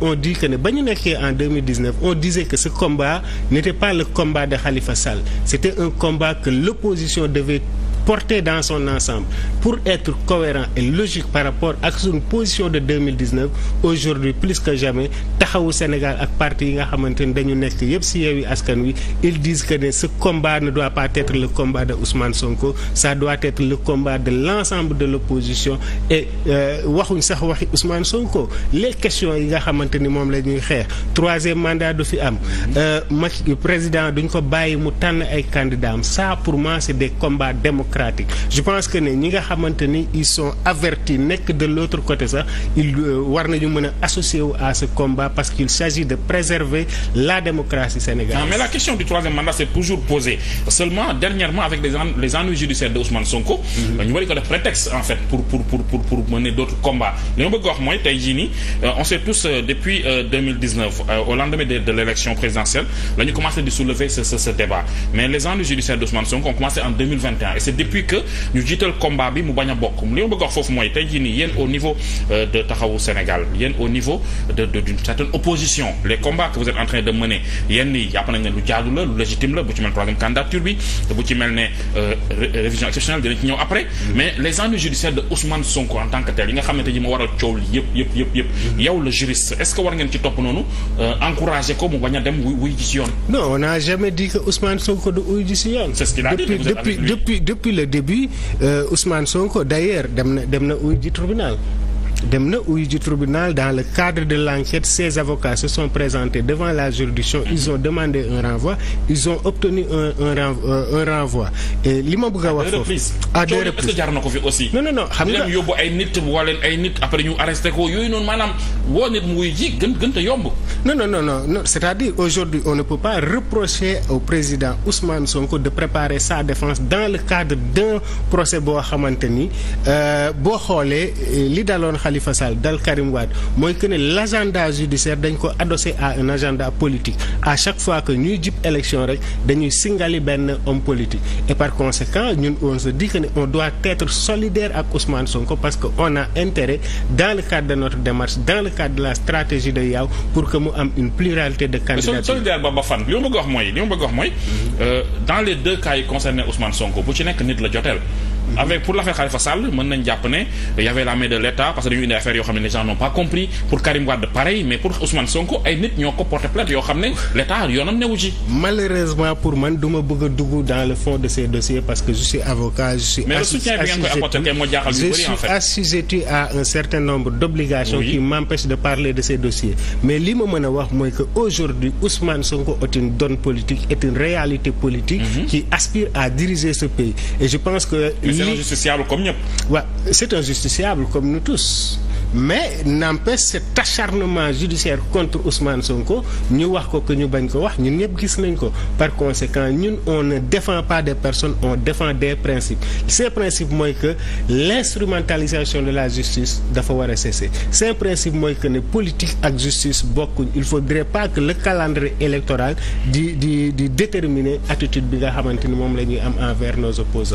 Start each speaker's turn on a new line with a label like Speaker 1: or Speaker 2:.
Speaker 1: on dit que ne ba ñu nekkee en 2019 on disait que ce combat n'était pas le combat de Khalifa Sall c'était un combat que l'opposition devait porté dans son ensemble pour être cohérent et logique par rapport ak sun position de 2019 aujourd'hui plus que jamais taxawu Sénégal ak parti yi nga xamante ni dañu nekk yëpp si Yewwi Askan Wi ils disent que ne ce combat ne doit pas être le combat de Ousmane Sonko ça doit être le combat de l'ensemble de l'opposition et euh, waxuñ sax waxi Ousmane ko les question yi nga xamante ni moom la ñuy xeex troisième mandat du fi am euh, ma président duñ ko bàyyi mu tànn ay candidats ça pour moi c'est des combats démocratique je pense que ne ñi nga xamante ni ils sont avertis nekk de l'autre côté sax euh, war nañu mën a associer à ce combat parce qu'il s'agit de préserver la démocratie sénégalaise. mais la
Speaker 2: question du troisième mandat c'est toujours posée seulement dernièrement avec les ennuis judiciaires de Ousmane Sonko. Mhm. ñu bari ko def prétexte en fait pour mener d'autres combats li ma bëgg wax mooy tey jii euh, on sait tous euh, depuis au lendemain de l'élection présidentielle la ñu et puis que ñu jiital combat bi mu bañ a bokk li ma bëgg a foofu mooy tey jii nii yéen au niveau euh, de taxawu Sénégal yéen au niveau de d'une certaine opposition les combats que vous êtes en de mener yéen ni jàpp nañ ne lu jaadu la lu légitime la bu ci mel troisième candidature bi bu ci mel ne euh, révision exceptionnelle dinañ ci ñëw après mm-hmm. mais les ennuis judiciaires de Ousmane Sonko en tant que tel yi nga xam ne tey jii waral coow li yëpp yëpp yëpp yëpp
Speaker 1: mm-hmm. le début euh, Ousmane Sonko d'ailleurs dem na dem na uy ji tribunal dem na uyu tribunal dans le cadre de l'enquête ses avocats se sont présentés devant la juridiction ils ont demandé un renvoi ils ont obtenu un euh, renvoi et li ma bëgg a wax foofu à deux reprises est-ce que jar
Speaker 2: na ko fi aussi non non non xam nga yóbbu ay nit woo leen ay nit après ñu arrêté ko
Speaker 1: c'est-à-dire aujourd'hui on ne peut pas reprocher au président Ousmane Sonko de préparer sa défense dans le cadre d'un procès boo xamante ni euh, boo xoolee euh, li daloon xale Khalifa Sall dal Karim mooy que ne l' agenda judiciaire dañ ko adossé à un agenda politique à chaque fois que ñuy jub élection rek dañuy singali benn homme politique. et par conséquent ñun on se dit que ne on doit être solidaire ak Ousmane Sonko parce que on a intérêt dans le cadre de notre démarche dans le cadre de la stratégie de Yao pour que mu am une pluralité de candidatures.
Speaker 2: solidaire ba ba fan li ma bëgg wax mooy li ma bëgg wax mooy mhm. euh, dans les deux cas yi concerné Ousmane bu ci nekk nit la joteel. avec pour l'affaire Khalifa Sall mën nañ jàpp y avait la de l'État parce que dañu indi affaire yoo xam ne les gens pas compris pour Karim Wade pareil mais pour Ousmane Sonko ay nit ñoo ko porté plainte yoo xam ne l'État yoonam newu ci
Speaker 1: malheureusement pour man duma bëgg a dugg dans le fond de ces dossiers parce que je suis avocat je suis mais le bi à un certain nombre d'obligations qui m'empêchent de parler de ces dossiers mais li ma mën a wax mooy que aujourd'hui Ousmane Sonko est une donne mais c'est un
Speaker 2: justiciable comme ñëpp.
Speaker 1: waaw c'est un comme nous tous mais n'empêche cet acharnement judiciaire contre Ousmane Sonko ñu wax ko que ñu bañ ko wax ñun ñëpp gis nañ ko par conséquent ñun on ne défend pas des personnes on défend des principes ces principes mooy que l'instrumentalisation de la justice dafa war a cesser ces principes mooy que ne politique ak justice bokkuñ il faudrait pas que le calendrier électoral di di di déterminer attitude bi nga xamante ni moom la ñuy am envers nos opposants